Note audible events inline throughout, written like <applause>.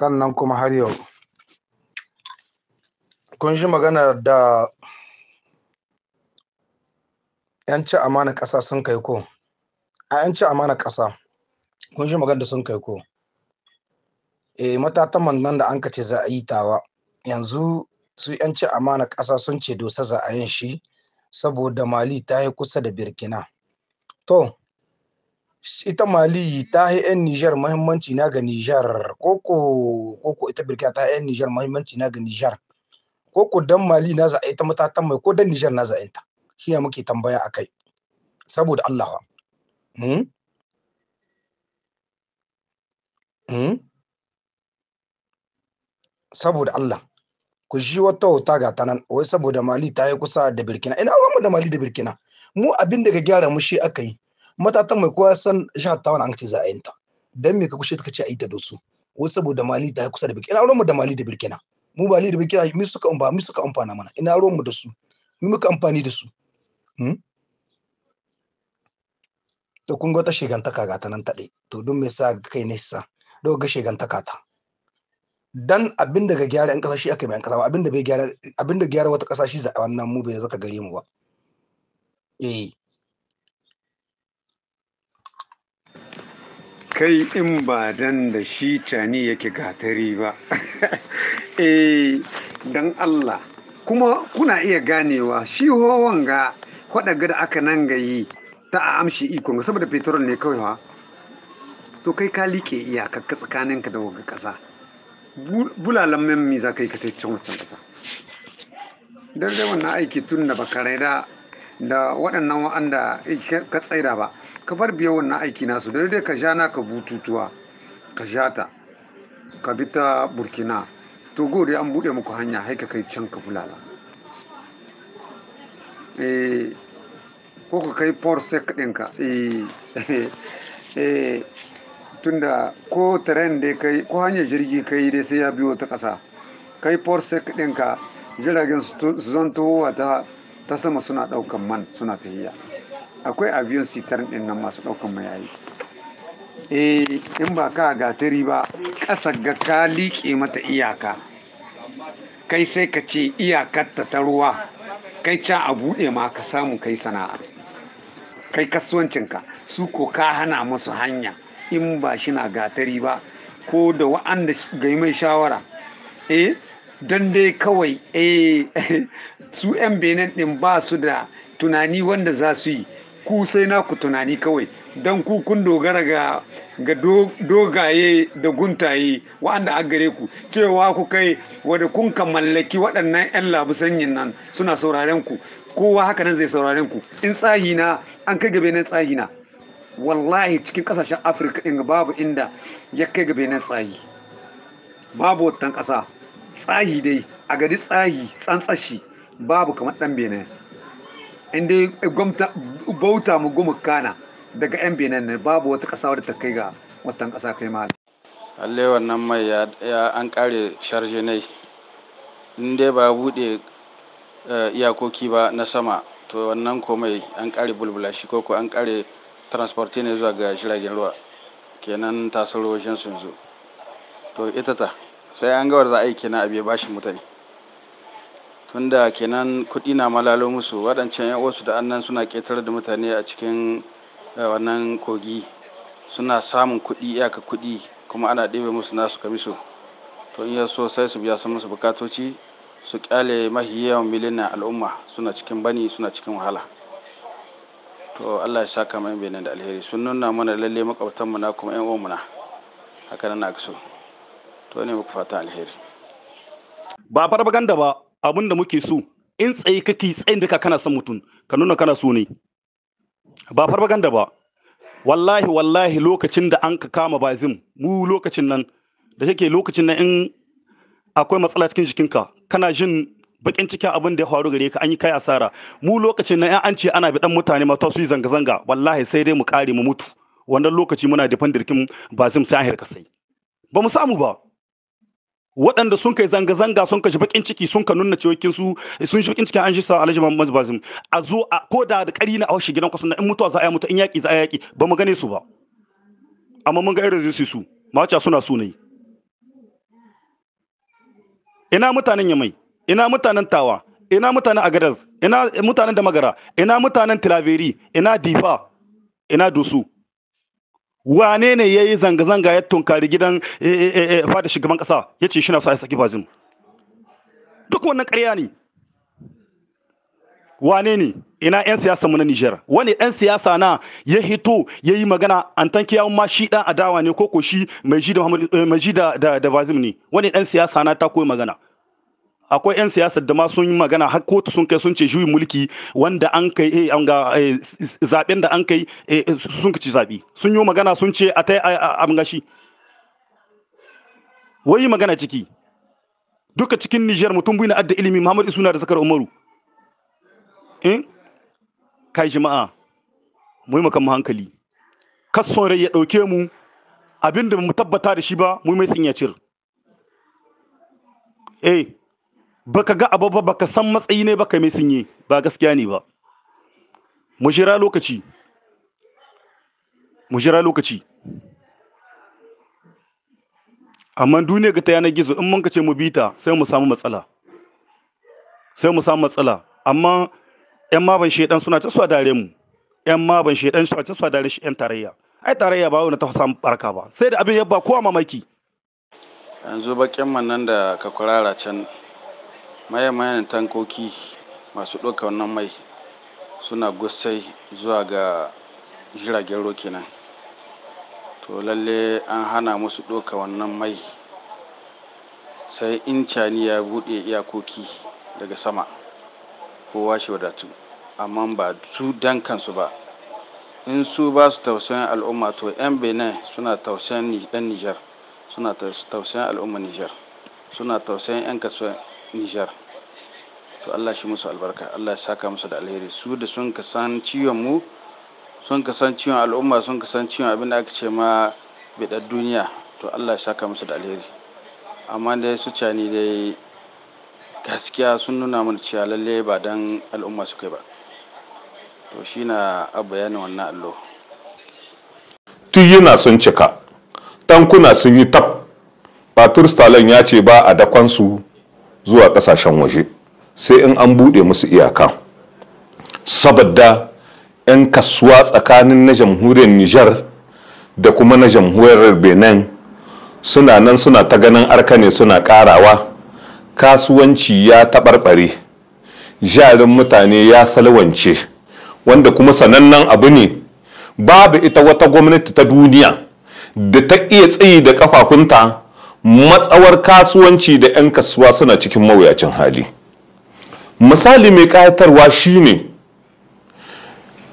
sannan kuma har yau kun shi magana da yanci amana ƙasa sun kai ko a yanci amana ƙasa kun shi magana da sun kai ko e eh, matatan nan da an ka ce za a yi tawa yanzu su yanci amana ƙasa sun ce dosa za a yin shi saboda mali ta yi kusa da birkina to ita Mali ta yi 'yan Nijar mahimmanci na ga Nijar, koko koko ita Birkiya ta yi 'yan Nijar mahimmanci na ga Nijar, koko dan Mali na za'a ta matatan mai ko dan Nijar na za'a ta, shi ya muke tambaya a kai, saboda Allah. Hmm? Hmm? Saboda Allah, ku shi wata wata ga ta nan, wai saboda Mali ta yi kusa da Birkina, ina mu da Mali da Birkina, mu abin da ka gyara mu shi aka yi. matatan mai kowa san jihar tawan an ce za a yin dan me ka kushe ka ce a yi ta da su saboda mali ta kusa da birkina ruwan mu da mali da birkina? mu mali da birkina, mi suka umba mi suka amfana mana ina ruwan mu da su mi muka amfani da su hmm? to kun ga ta shigantaka ga ta nan taɗe to don me sa kai ne sa don ga shigantaka ta dan abin da ga gyara yan kasa shi aka mai yan kasa ba abin da bai gyara abin da gyara wata kasa shi za wannan mu bai zaka gare mu ba eh kai in ba dan da shi cani yake gatari ba <laughs> eh dan Allah kuma kuna iya ganewa shi hohon ga kwaɗaga da aka nan gayi ta a amshi ikon saboda petrol ne kawai ha to kai ka like tsakanin tsakaninka da wagga ƙasa bulalan memmi za ka yi ka ta can wancan ƙasa dan dai wannan aiki tun da bakarai da waɗannan wa'anda ka tsaira ba ka bar biya wannan aiki nasu da dai ka sha ka bututuwa ka sha ta ka bi ta burkina to gode an buɗe muku hanya haika kai can ka fulala eh, ko ka kai porsec ɗinka eh, <laughs> eh, tunda ko tren dai kai ko hanyar jirgi kai dai sai ya biyo ta ƙasa kai porsec ɗinka jiragen su zan ta ta sama suna ɗaukan man suna tahiya akwai aviyon sitar din nan masu ɗaukan mayayi eh in ba ka gatari ba ƙasa ga ka liƙe mata iyaka kai sai ka ce iyakarta ta ruwa kai ca a buɗe ma ka samu kai sana'a kai kasuwancinka su ko ka hana musu hanya in ba shi na gatari ba ko da wa'anda gai mai shawara eh don dai kawai eh <laughs> su 'yan benin ɗin ba su da tunani wanda za su yi ku sai na ku tunani kawai don ku kun dogara ga dogaye da guntaye wa'anda a gare ku cewa ku kai wadda kun ka mallaki waɗannan 'yan sanyin nan suna sauraren ku kowa haka nan zai sauraren ku in tsahina an kai gabe na tsahina wallahi cikin ƙasashen afirka in babu inda ya kai gabe na tsahi babu watan ƙasa tsahi dai a gari tsahi tsantsashi babu kamar ɗan benin inda bauta mu goma kana daga yan benin ne babu wata ƙasa wadda ta kai ga watan kasa kai mali halle wannan mai ya an ƙare sharje ne in dai ba buɗe eh, iyakoki ba na sama to wannan komai an kare bulbula shi ko ko an kare transporti ne zuwa ga jiragen ruwa kenan tasarowar shan sun zo to ita ta sai an gawar za a yi kenan abu ya bashi mutane tunda kenan kuɗi na malalo musu waɗancan 'yan da annan suna ƙetare da mutane a cikin eh, wannan kogi suna samun kuɗi iyaka kuɗi kuma ana ɗebe musu nasu kamiso to in so sai su biya musu bukatoci su ƙyale mahi yawan miliyan al'umma suna cikin bani suna cikin wahala to Allah ya saka mai benin da alheri sun nuna mana lalle mu na kuma 'yan uwanmu na haka na so to ne muku fata alheri ba farfaganda ba abin da muke so in tsaye kake tsayin duka kana son mutum ka nuna kana so ne ba farfaganda ba wallahi wallahi lokacin da an ka kama bazim mu lokacin nan da yake lokacin nan in akwai matsala cikin jikinka kana jin bakin cikin abin da ya faru gare ka an yi kai asara mu lokacin nan an ce ana bidan mutane mata su zanga-zanga wallahi sai dai mu kare mu mutu wannan lokaci muna difan dirkin bazim sai an hirka sai ba mu samu ba waɗanda sun kai zanga-zanga sun kashi baƙin ciki sun ka nuna cewakin su sun shi baƙin ciki an shi sa alhaji muhammadu bazim a zo a ko da da ƙari na a washe gidan kwasan na in mutuwa za a yi mutu in yaƙi za a yaƙi ba mu gane su ba amma mun ga irin zai su mawaca suna su ne ina mutanen yamai ina mutanen tawa ina mutanen agadas ina mutanen da magara ina mutanen tilaveri ina difa ina dusu wane ne ya yi zanga-zanga ya tunkari gidan eh, eh, eh, fada shugaban ƙasa ya ce shi na sa a saki bazin duk wannan ƙarya ne wane ne ina 'yan siyasa mu na Nijar wani ɗan siyasa na ya hito ya yi magana an tanki yawon ma shi ɗan adawa ne ko ko shi mai ji da bazim ne wane ɗan siyasa na ta koyi magana akwai 'yan siyasar da ma sun yi magana har kotu sun kai sun ce juyin mulki wanda an kai eh, an ga eh, zaben da an kai eh, sun ci zabi sun yi magana sun ce a tai an gashi wai magana ciki duka cikin Niger mutum biyu na adda ilimi Muhammad Isuna da Sakar Umaru in kai jama'a mu yi makan hankali kasson rai ya dauke mu abinda mu tabbata da shi ba mu mai tsinyacir eh baka ga abu ba baka san matsayi ne baka mai sunye ba gaskiya ne ba mu jira lokaci mu jira lokaci amma duniya ga ta yanar gizo in mun ka ce mu bi ta sai mu samu matsala sai mu samu matsala amma yan maban shedan suna ta su dare mu yan maban shedan suna ta su dare shi yan tarayya ai tarayya ba wani ta samu barka ba sai da abin yabba kowa mamaki yanzu bakin man nan da ka kurara can Maye-mayen tankoki masu ɗauka wannan mai suna gusai zuwa ga jiragen ruwa nan To lalle an hana musu ɗauka wannan mai sai in Cani ya buɗe iyakoki daga sama kowa shi wadatu amma ba su dan kansu ba. In su ba su tausayin al'umma to 'yan Benin suna tausayin 'yan Nijar, suna tausayin al'umma Nijar, suna tausayin 'yan kasuwar Nijar. to Allah shi musu albarka Allah ya saka musu da alheri su da sun ka san ciwon mu sun ka san ciwon al'umma sun ka san ciwon abin da aka ce ma bidar duniya to Allah ya saka musu da alheri amma dai su cani dai gaskiya sun nuna mana cewa lalle ba dan al'umma suka ba to shi na a bayanin wannan allo tuyuna sun cika tankuna sun yi tab batur stalin ya ce ba a dakonsu zuwa kasashen waje sai in an buɗe musu iyaka saboda 'yan kasuwa tsakanin na jamhuriyar nijar da kuma na jamhuriyar benin suna nan suna ta ganin arka ne suna karawa kasuwanci ya taɓarɓare jarin mutane ya salwance wanda kuma sanannen abu ne babu ita wata gwamnati ta duniya da ta iya tsayi da kafafunta matsawar kasuwanci da 'yan kasuwa suna cikin mawuyacin hali. misali mai ƙayatarwa shine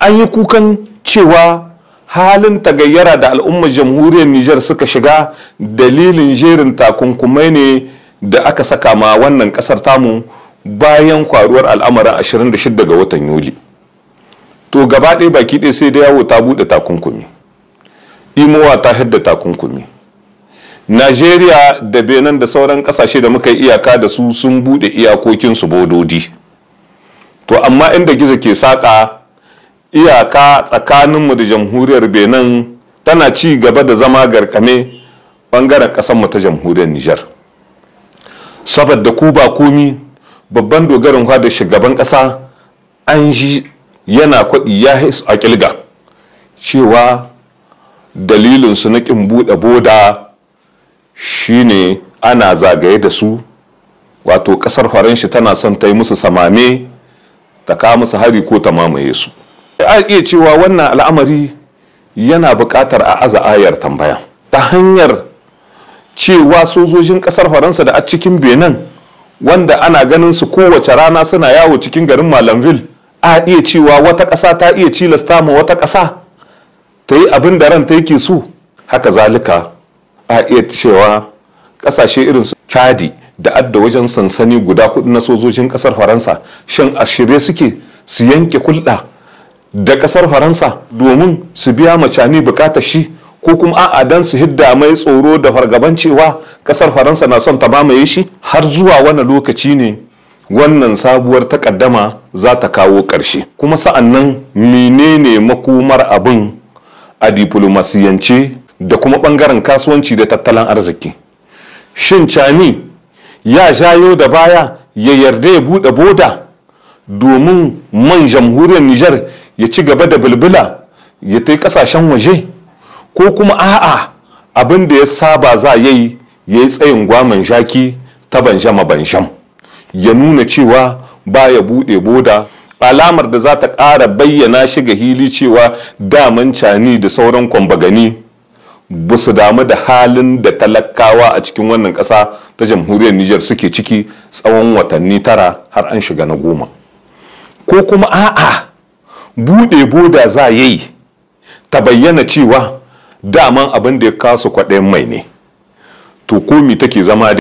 an yi kukan cewa halin tagayyara da al'ummar jamhuriyar Nijar suka shiga dalilin jerin takunkumai ne da aka saka ma wannan kasar tamu bayan kwaruwar al'amarin 26 ga watan Yuli. To gaba ɗaya baki ɗaya sai da yawo ta buɗe takunkumi. Imowa ta hidda takunkumi. najeriya da benin da sauran kasashe da muka yi iyaka da su sun bude iyakokinsu bododi to amma inda gizo ke saƙa iyaka tsakaninmu da jamhuriyar benin tana ci gaba da zama garkame ɓangaren ƙasanmu ta jamhuriyar nijar saboda ku ba komi babban dogarin da shugaban ƙasa an ji yana kwaɗi ya a kilga cewa dalilinsu na ƙin buɗe boda shine ana zagaye da su wato kasar faranshi tana son ta yi musu samame ta kawo musu hari ko ta mamaye su a iya cewa wannan al'amari yana buƙatar a aza ayar tambaya ta hanyar cewa sojojin ƙasar faransa da a cikin benin wanda ana ganin su kowace rana suna yawo cikin garin malamville a iya cewa wata ƙasa ta iya cilasta ma wata ƙasa ta yi abin da ranta yake so haka zalika a iya cewa kasashe irin su chadi da adda wajen sansani guda kudu na sojojin kasar faransa shan a shirye suke su yanke kulɗa da kasar faransa domin su biya macani bukatar shi ko kuma a'a dan su hidda mai tsoro da fargaban cewa kasar faransa na son ta mamaye shi har zuwa wani lokaci ne wannan sabuwar takaddama za ta kawo ƙarshe kuma sa'an nan menene makomar abin a diplomasiyance da kuma bangaren kasuwanci da tattalin arziki shin cani ya shayo da baya ya yarda ya bude boda domin man jamhuriyar nijar ya ci gaba da bilbila ya ta kasashen waje ko kuma a'a abin da ya saba za ya yi ya yi tsayin gwaman shaki ta banshama banjam ya nuna cewa ba ya bude boda alamar da za ta ƙara bayyana shiga hili cewa daman cani da sauran kwambagani ba su damu da halin da talakawa a cikin wannan ƙasa ta jamhuriyar Nijar suke ciki tsawon watanni tara har an shiga na goma ko kuma a'a buɗe boda za ya yi ta bayyana cewa daman abin da ya kasu kwaɗayin mai ne to komi take zama